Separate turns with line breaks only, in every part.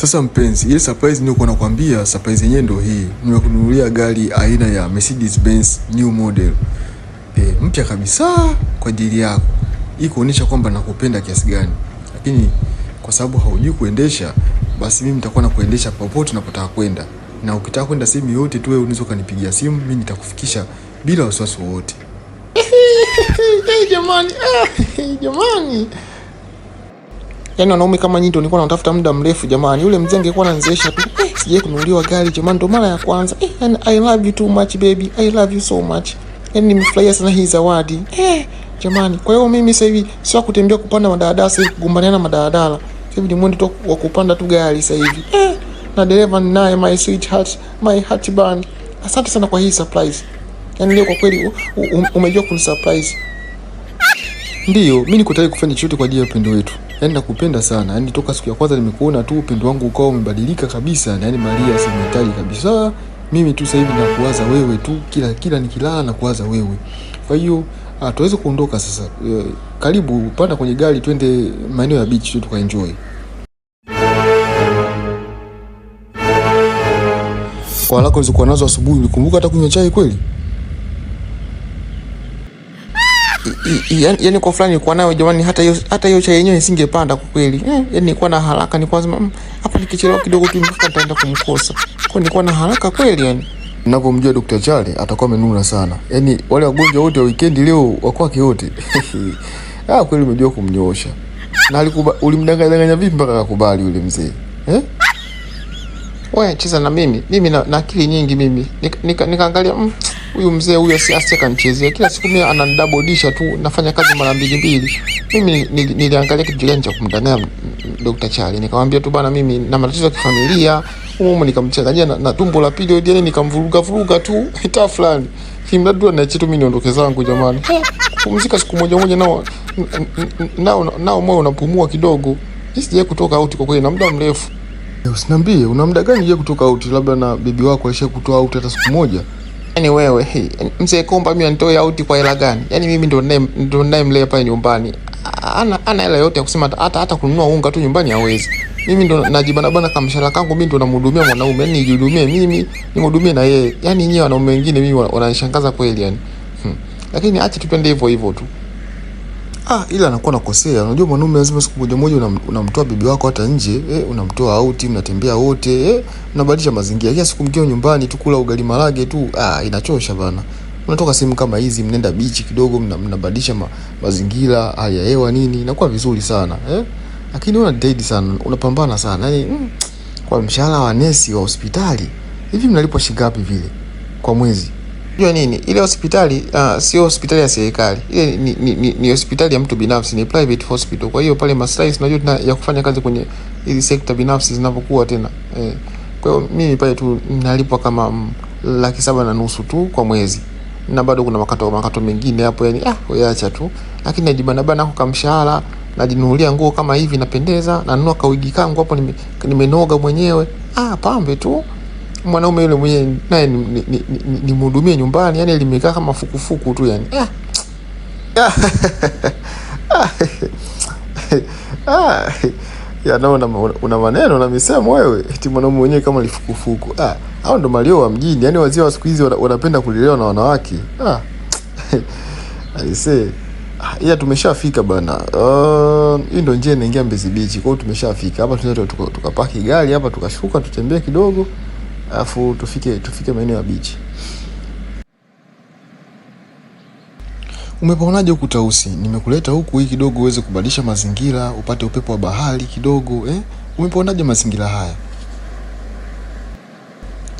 Sasa mpenzi, ile surprise nilikuwa nakwambia, surprise yenyewe ndio hii. Nimekununulia gari aina ya Mercedes Benz new model e, mpya kabisa kwa ajili yako, hii kuonyesha kwamba nakupenda kiasi gani. Lakini kwa sababu haujui kuendesha, basi mimi nitakuwa nakuendesha popote unapotaka kwenda, na ukitaka kwenda sehemu yoyote tu, wewe unaweza kanipigia simu, mimi nitakufikisha bila wasiwasi wowote.
Jamani, hey, jamani ah, Yaani wanaume kama nyinyi ndio nilikuwa natafuta muda mrefu jamani. Yule mzee angekuwa ananizeesha tu. Eh, sije kununuliwa gari jamani, ndio mara ya kwanza. Eh, and yaani, I love you too much baby. I love you so much. Yaani nimefurahia sana hii zawadi. Eh, jamani. Kwa hiyo mimi sasa hivi sio kutembea kupanda madaladala sasa hivi kugombania na madaladala. Sasa hivi ni mwendo tu wa kupanda tu gari sasa hivi. Eh, na dereva naye my sweetheart, my heart heartburn. Asante sana kwa hii surprise. Yaani leo kwa kweli umejua kunisurprise.
Ndiyo, mimi niko tayari kufanya chochote kwa ajili ya upendo wetu yani nakupenda sana, yani toka siku ya kwanza nimekuona tu upendo wangu ukawa umebadilika kabisa, yani Maria simuhitaji kabisa mimi tu sasa hivi nakuwaza wewe tu, kila kila nikilala nakuwaza wewe. Kwa hiyo ah, tuweze kuondoka sasa. E, karibu panda kwenye gari twende maeneo ya beach tu tukaenjoy. Kwa lako ulizokuwa nazo asubuhi, ulikumbuka hata kunywa chai kweli?
yani, yani kwa fulani kwa nayo jamani, hata hiyo hata hiyo chai yenyewe isingepanda kwa kweli eh, yani nilikuwa na haraka, nilikuwa nasema mm, hapa nikichelewa kidogo tu mpaka nitaenda kumkosa, kwa nilikuwa na haraka kweli yani
Ninavyomjua Dr. Chale atakuwa amenuna sana, yani wale wagonjwa wote wa weekend leo wakwake wote ah, kweli umejua kumnyoosha na alikuba, ulimdanganya vipi mpaka akakubali yule mzee eh?
Wewe cheza na mimi mimi na, na akili nyingi mimi nikaangalia nika, nika mm, huyu mzee huyo si asiye kanichezea kila siku, mimi ananidabodisha tu, nafanya kazi mara mbili mbili. Mimi niliangalia kitu gani cha kumdanganya Dr. Chali, nikamwambia tu bana, mimi na matatizo ya kifamilia humo, nikamchanganyia na, na tumbo la pili hodi, yani nikamvuruga vuruga tu hata fulani kimla tu na chetu, mimi niondoke zangu jamani, kumzika siku moja moja, nao nao nao moyo unapumua kidogo. Sijai kutoka out kwa kweli na muda mrefu.
Usiniambie una muda gani je kutoka out? Labda na bibi wako aishie kutoa out hata siku moja?
Yani wewe hey, mzee Komba mimi nitoe auti kwa hela gani? Yaani mimi ndo ndo ninayemlea pale nyumbani. Ana ana hela yote ya kusema hata hata kununua unga tu nyumbani hawezi. Mimi ndo najibana bana kama mshahara kangu mimi ndo namhudumia mwanaume, yani nijihudumie mimi, nimhudumie na yeye. Yani nyewe wanaume wengine mimi wananishangaza kweli yani. Hmm. Lakini acha tupende hivyo hivyo tu.
Ah, ila anakuwa nakosea. Unajua mwanaume lazima siku moja moja unamtoa bibi wako hata nje, eh, unamtoa auti, mnatembea wote, eh, unabadilisha mazingira. Kila siku mkiwa nyumbani tu kula ugali marage tu, ah, inachosha bana. Unatoka sehemu kama hizi mnaenda bichi kidogo, mnabadilisha ma, mazingira, hali ya hewa nini, inakuwa vizuri sana, eh? Lakini una date sana, unapambana sana. Yaani mm, kwa mshahara wa nesi wa hospitali, hivi mnalipwa shilingi ngapi vile kwa mwezi?
Unajua nini? Ile hospitali uh, sio hospitali ya serikali. Ile ni, ni, ni, ni hospitali ya mtu binafsi, ni private hospital. Kwa hiyo pale maslahi unajua ya kufanya kazi kwenye hizi sekta binafsi zinapokuwa tena. Eh. Kwa hiyo mimi pale tu nalipwa kama mm, laki saba na nusu tu kwa mwezi. Na bado kuna makato makato mengine hapo yani ah yaacha tu. Lakini najibana bana kwa mshahara, najinunulia nguo kama hivi napendeza, nanunua kawigi kangu hapo nimenoga nime mwenyewe. Ah, pambe tu mwanaume yule mwenye naye nimhudumie nyumbani, yani limekaa kama fukufuku tu yani. Ah.
Ah. Ah. Yana una, una maneno na misemo wewe, eti mwanaume mwenyewe kama lifukufuku. Ah, hao ndo malio wa mjini, yani wazee wa siku hizi wanapenda kulelewa na wanawake. Ah. Aise. Ila tumeshafika bana. Uh, hii ndo njia inaingia Mbezi Beach. Kwa hiyo tumeshafika. Hapa tunaweza tukapaki tuka gari hapa tukashuka tutembee kidogo alafu tufike tufike maeneo ya bichi. Umepaonaje huku Tausi? Nimekuleta huku hii kidogo uweze kubadilisha mazingira, upate upepo wa bahari kidogo eh? Umepaonaje mazingira haya?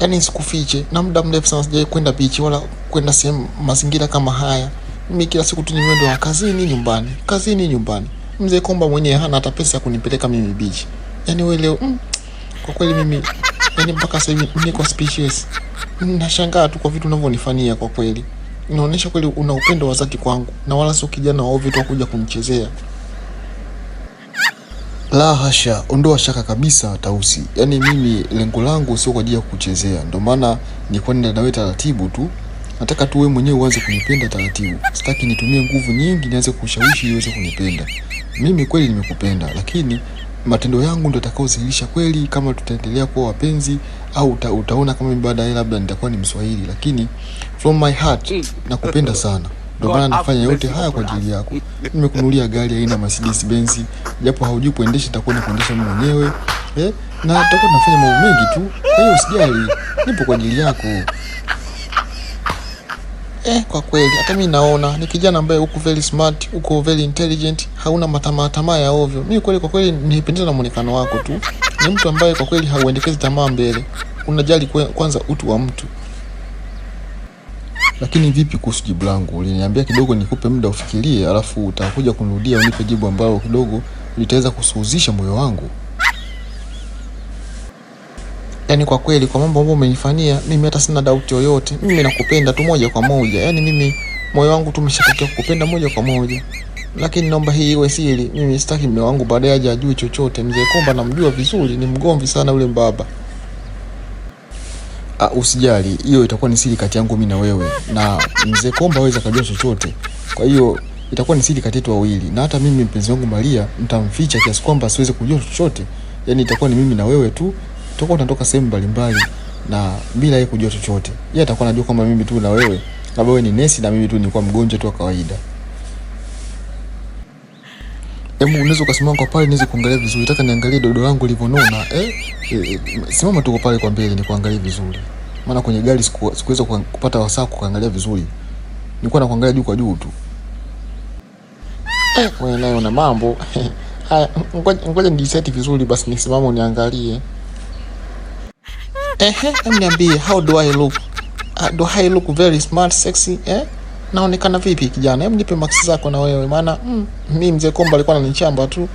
Yaani sikufiche, na muda mrefu sana sijawahi kwenda bichi wala kwenda sehemu mazingira kama haya. Mimi kila siku tu wa kazini, nyumbani, kazini, nyumbani. Mzee Komba mwenyewe hana hata pesa ya kunipeleka mimi bichi. Yaani wewe leo mm, kwa kweli mimi yani mpaka sasa hivi niko speechless. Nashangaa tu kwa vitu unavyonifanyia kwa kweli. Inaonyesha kweli una upendo wa dhati kwangu na wala sio kijana wa ovyo tu kuja kunichezea.
La hasha, ondoa shaka kabisa Tausi. Yaani mimi lengo langu sio kwa ajili ya kuchezea Ndio maana nilikuwa nenda nawe taratibu tu. Nataka tu wewe mwenyewe uanze kunipenda taratibu. Sitaki nitumie nguvu nyingi nianze kushawishi iweze kunipenda. Mimi kweli nimekupenda, lakini matendo yangu ndio atakaozilisha kweli kama tutaendelea kuwa wapenzi au uta, utaona kama baadaye labda nitakuwa ni Mswahili, lakini from my heart mm. nakupenda sana, ndio maana nafanya yote haya kwa ajili yako. Nimekunulia gari aina ya Mercedes Benz, japo haujui kuendesha, nitakuwa nakuendesha mimi mwenyewe eh, na nitakuwa nafanya mambo mengi tu. Kwa hiyo usijali, nipo kwa ajili yako.
Eh, kwa kweli hata mimi naona ni kijana ambaye uko very smart, uko very intelligent, hauna matamaa tamaa ya ovyo. Mimi kweli kwa kweli nilipendezwa na muonekano wako tu. Ni mtu ambaye kwa kweli hauendekezi tamaa mbele. Unajali kwanza utu wa mtu.
Lakini vipi kuhusu jibu langu? Uliniambia kidogo nikupe muda ufikirie, alafu utakuja kunirudia unipe jibu ambayo kidogo litaweza kusuhuzisha moyo wangu
yani kwa kweli kwa mambo ambayo umenifanyia mimi hata sina doubt yoyote. Mimi nakupenda tu moja kwa moja, yani mimi moyo wangu tu umeshatokea kukupenda moja kwa moja, lakini naomba hii iwe siri. Mimi sitaki mume wangu baadaye aje ajue chochote. Mzee Komba namjua vizuri, ni mgomvi sana yule mbaba.
Uh, usijali, hiyo itakuwa ni siri kati yangu mimi na wewe, na mzee Komba aweza akajua chochote. Kwa hiyo itakuwa ni siri kati yetu wawili, na hata mimi mpenzi wangu Maria nitamficha kiasi kwamba siwezi kujua chochote, yani itakuwa ni mimi na wewe tu tutakuwa tunatoka sehemu mbalimbali na bila yeye kujua chochote. Yeye atakuwa anajua kwamba mimi tu na wewe, labda wewe ni nesi na mimi tu nilikuwa mgonjwa tu wa kawaida. Hebu unaweza ukasimama kwa pale niweze kuangalia vizuri. Nataka niangalie dodo langu lilivyonona. Eh, eh, eh simama tu pale kwa mbele nikuangalie vizuri. Maana kwenye gari sikuweza kupata wasaa kuangalia vizuri. Nilikuwa nakuangalia juu kwa juu tu.
Eh, wewe nayo una mambo. Haya, ngoja ngoja ni set vizuri basi nisimame uniangalie. Ehe, niambie, how do I look? Uh, do I look very smart sexy eh? Naonekana vipi kijana? Hebu nipe maksi zako na wewe maana mm, mimi mzee Komba alikuwa ananichamba tu.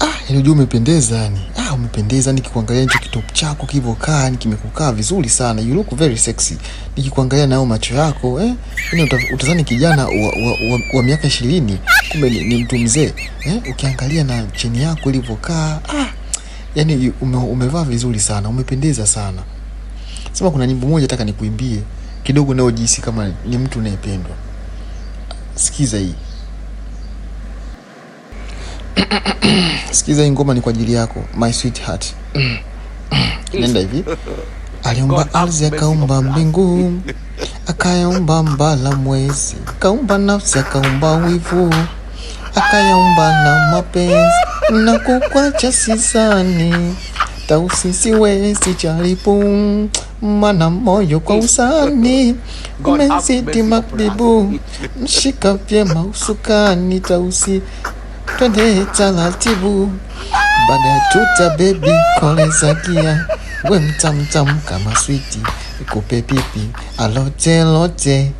Ah, ile yaani ujue umependeza yani. Ah, umependeza nikikuangalia hicho kitop chako kivokaa, kimekukaa vizuri sana. You look very sexy. Nikikuangalia na macho yako eh? Yaani utazani kijana wa, wa, wa, wa miaka 20 kumbe ni, ni mtu mzee eh? Ukiangalia na cheni yako ilivokaa, ah yani ume, umevaa vizuri sana, umependeza sana. Sema kuna nyimbo moja nataka nikuimbie kidogo, nao kama ni mtu unayependwa. Sikiza hii sikiza hii ngoma ni kwa ajili yako, my sweetheart. Nenda hivi
Aliumba ardhi akaumba mbingu, akayaumba mbala mwezi, akaumba nafsi akaumba wivu, akayaumba na mapenzi nakukwacha sisani tausisiwe charipu mana moyo kwa usani umezidi mabibu mshika vyema usukani tausi twende taratibu baada ya tuta bebi kole zakia we mtamtam kama switi kupe pipi alote lote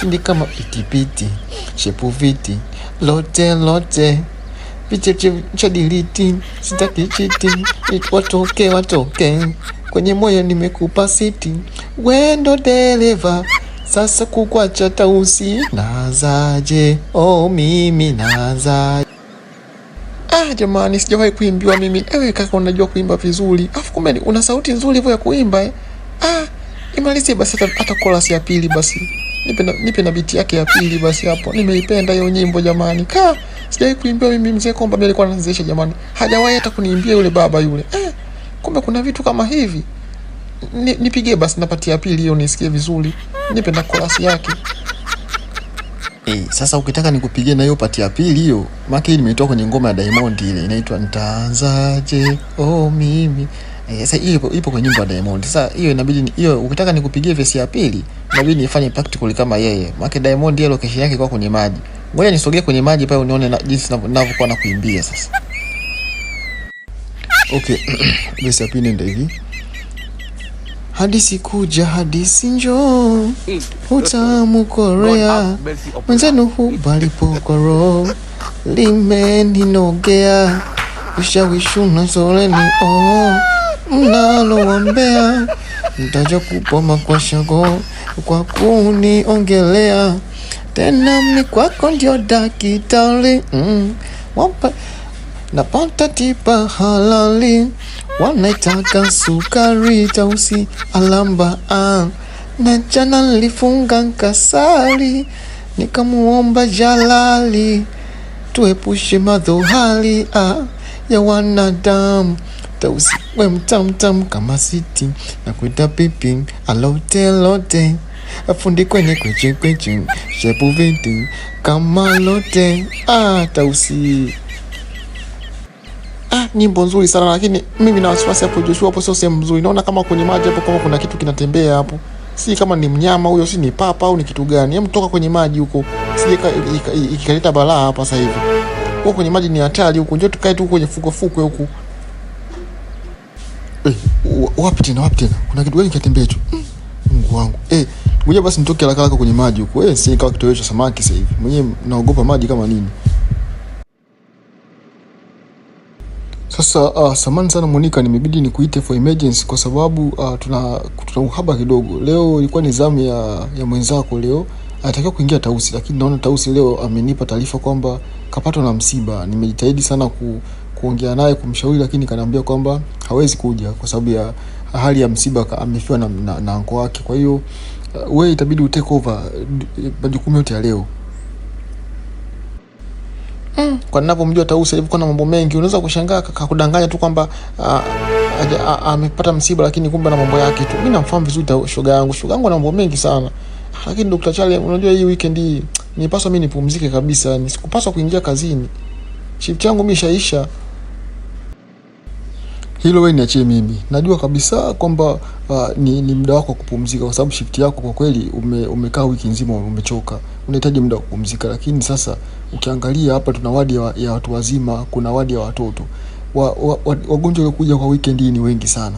sindi kama pitipiti shepu viti lote lote picha cha sitaki chiti, watoke watoke, kwenye moyo nimekupa siti, wendo ndo dereva sasa, kukwacha tausi nazaje? Oh, mimi nazaje? Ah, jamani sijawahi kuimbiwa mimi. Ewe kaka, unajua kuimba vizuri, afu kumbe una sauti nzuri hivyo ya kuimba eh? Ah, imalizie basi hata kolasi ya pili basi nipe na, nipe na biti yake ya pili basi hapo. Nimeipenda hiyo nyimbo jamani. Ka sijai kuimbiwa mimi mzee Komba mimi alikuwa ananianzisha jamani. Hajawahi hata kuniimbia yule baba yule. Eh, kumbe kuna vitu kama hivi. Ni, nipigie basi napatia pili hiyo nisikie vizuri. Nipe na chorus yake.
Hey, eh, sasa ukitaka nikupigie na hiyo pati ya pili hiyo, maana hii nimeitoa kwenye ngoma ya Diamond ile inaitwa Nitaanzaje? Oh mimi Eh, sasa hiyo ipo, ipo kwa nyumba ya Diamond. Sasa hiyo inabidi hiyo ukitaka nikupigie vesi ya pili, inabidi nifanye practical kama yeye. Maana Diamond ndiye location yake kwa kwenye maji. Ngoja nisogee kwenye maji pale unione na, jinsi ninavyokuwa na, na kuimbia sasa. Okay, vesi ya pili ndio hivi.
Hadisi kuja, hadisi njo utamu korea, mwenzenu hubalipokoro, limeninogea, ushawishi unasoleni oh mnaloambea mtaja kupoma kwa shago kwa kuniongelea tena mi kwako ndio dakitari mm. wampa napata tipa halali wanaitaka sukari tausi alamba na jana nilifunga nkasari nikamuomba Jalali tuepushe madhohali ya wanadamu Those wem tam tam kama siti na kuita pipi alote lote afundi kwenye kweche kweche shepu vitu kama lote ah, Tausi ah, nyimbo nzuri sana lakini mimi na wasiwasi hapo. Joshua hapo sio sehemu nzuri, naona kama kwenye maji hapo kama kuna kitu kinatembea hapo, si kama ni mnyama huyo, si ni papa au ni kitu gani? Hem, toka kwenye maji huko, sije ikaleta balaa hapa sasa hivi. Huko kwenye maji ni hatari huko, njoo tukae tu kwenye fukwe fukwe huko
eh, wapi tena, wapi tena, kuna kitu gani kiatembea hicho? Hmm, Mungu wangu eh, mwenyewe basi nitoke haraka haraka kwenye maji huko. Eh, si kawa kitoweo cha samaki sasa hivi, mwenyewe naogopa maji kama nini. Sasa uh, samani sana Monica, nimebidi nikuite for emergency kwa sababu uh, tuna, tuna uhaba kidogo leo. Ilikuwa ni zamu ya, ya mwenzako leo anatakiwa kuingia Tausi, lakini naona Tausi leo amenipa taarifa kwamba kapatwa na msiba. Nimejitahidi sana ku kuongea naye kumshauri, lakini kanaambia kwamba hawezi kuja kwa sababu ya hali ya msiba, amefiwa na, na, na anko wake. Kwa hiyo uh, wewe itabidi utake over uh, majukumu yote ya leo
mm. Kwa ninavyomjua Tausi alivyokuwa na mambo mengi, unaweza kushangaa kakudanganya tu kwamba uh, amepata msiba, lakini kumbe na mambo yake tu. Mimi namfahamu vizuri shoga yangu, shoga yangu na mambo mengi sana, ah, lakini Dr. Chale, unajua hii weekend hii nipaswa mimi nipumzike kabisa, nisikupaswa kuingia kazini. Shift yangu mimi ishaisha
hilo wewe niachie mimi. Najua kabisa kwamba uh, ni, ni muda wako wa kupumzika, kwa sababu shift yako kwa kweli ume, umekaa wiki nzima umechoka, unahitaji muda wa kupumzika. Lakini sasa ukiangalia hapa tuna wadi ya, ya watu wazima, kuna wadi ya watoto wa, wa, wa, wagonjwa waliokuja kwa weekend hii ni wengi sana.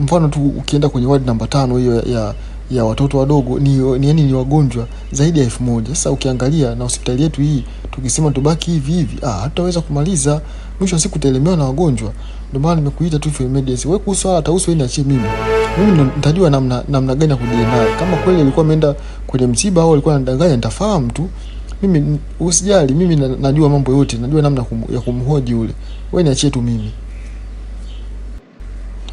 Mfano tu ukienda kwenye wadi namba tano hiyo ya, ya, ya watoto wadogo ni, ni, ni, yaani ni wagonjwa zaidi ya elfu moja. Sasa ukiangalia na hospitali yetu hii tukisema tubaki hivi hivi, ah, hataweza kumaliza. Mwisho wa siku na wagonjwa. Ndio maana nimekuita tu for emergency. Wewe kuhusu swala tahusu wewe niachie mimi. Mimi nitajua namna namna gani ya kudili naye. Kama kweli alikuwa ameenda kwenye msiba au alikuwa anadanganya nitafahamu tu. Mimi usijali, mimi najua mambo yote, najua namna kum, ya kumhoji yule. Wewe niachie tu mimi.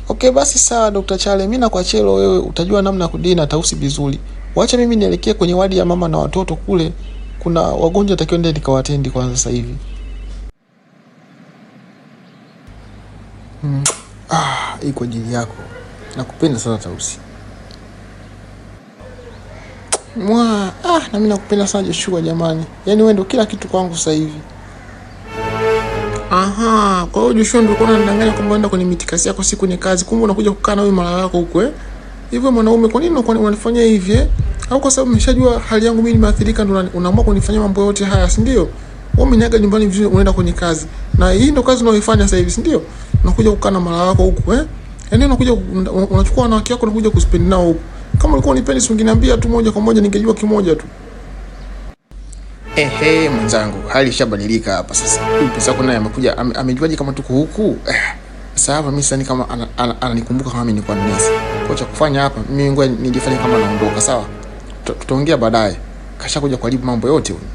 Okay, basi sawa Dr. Chale, mimi nakuachia leo, wewe utajua namna ya kudili na Tausi vizuri. Wacha mimi nielekee kwenye wadi ya mama na watoto kule. Kuna wagonjwa takiwa ndio nikawatendi kwanza sasa hivi.
mm. Ah, hii kwa ajili yako. Nakupenda sana Tausi.
Mwa, ah, na mimi nakupenda sana Joshua jamani. Yaani wewe ndio kila kitu kwangu sasa hivi. Aha, kwa hiyo Joshua ndio kuna ndanganya kwamba unaenda kwenye mitikasi yako siku ni kazi. Kumbe unakuja kukaa na wewe mara yako huko eh? Hivyo mwanaume kwa nini unanifanyia hivi eh? Au kwa sababu umeshajua hali yangu mimi nimeathirika ndio unaamua kunifanyia mambo yote haya, si ndio? wewe umenaga nyumbani vizuri, unaenda kwenye kazi, na hii ndio kazi unaoifanya sasa hivi, si ndio? Unakuja kukaa na mara wako huku eh, yaani unakuja unachukua wanawake wako unakuja kuspend nao huku. Kama ulikuwa unipendi, si ungeniambia tu moja kwa moja, ningejua kimoja tu.
Ehe, mwenzangu, hali ishabadilika hapa sasa. Huyu pesa yako naye amekuja, amejuaje kama tuko huku eh? Sasa hapa mimi sasa kama ananikumbuka kama mimi nilikuwa ni nesi. Kwa cha kufanya hapa mimi ngoja nijifanye kama naondoka, sawa? Tutaongea baadaye. Kashakuja kuharibu mambo yote huyu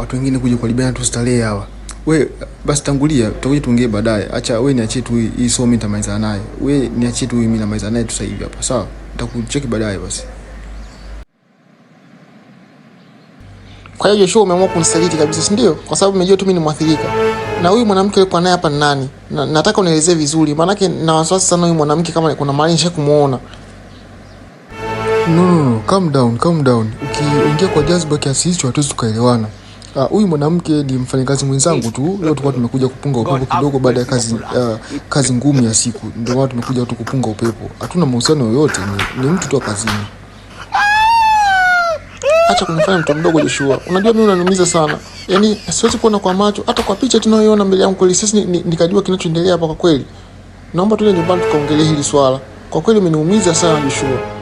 watu wengine kuja kukaribia tu starehe hawa. We basi tangulia, tutakuja tuongee baadaye. Acha we niachie tu hii somo mimi nitamaliza naye. We niachie tu mimi namaliza naye tu sasa hivi hapa. Sawa? Nitakucheki baadaye basi.
Kwa hiyo Joshua umeamua kunisaliti kabisa, si ndio? Kwa sababu umejua tu mimi ni mwathirika. Na huyu mwanamke alikuwa naye hapa ni nani? Na, nataka unielezee vizuri, maana yake na wasiwasi sana huyu mwanamke kama kuna mali nisha kumuona.
No, no, no, calm down, calm down. Ukiingia kwa jazba kiasi hicho hatuwezi tukaelewana. Ah, huyu uh, mwanamke ni mfanyakazi mwenzangu tu. Leo tulikuwa tumekuja kupunga upepo kidogo baada ya kazi, uh, kazi ngumu ya siku, ndio maana tumekuja tu kupunga upepo. Hatuna mahusiano yoyote, ni, ni mtu tu kazini.
Acha kunifanya mtu mdogo Joshua, unajua mimi unanumiza sana, yaani siwezi kuona kwa macho, hata kwa picha tunayoiona mbele yangu kweli sisi nikajua ni, kinachoendelea hapa. Kwa kweli naomba tuende nyumbani tukaongelee hili swala, kwa kweli umeniumiza sana Joshua.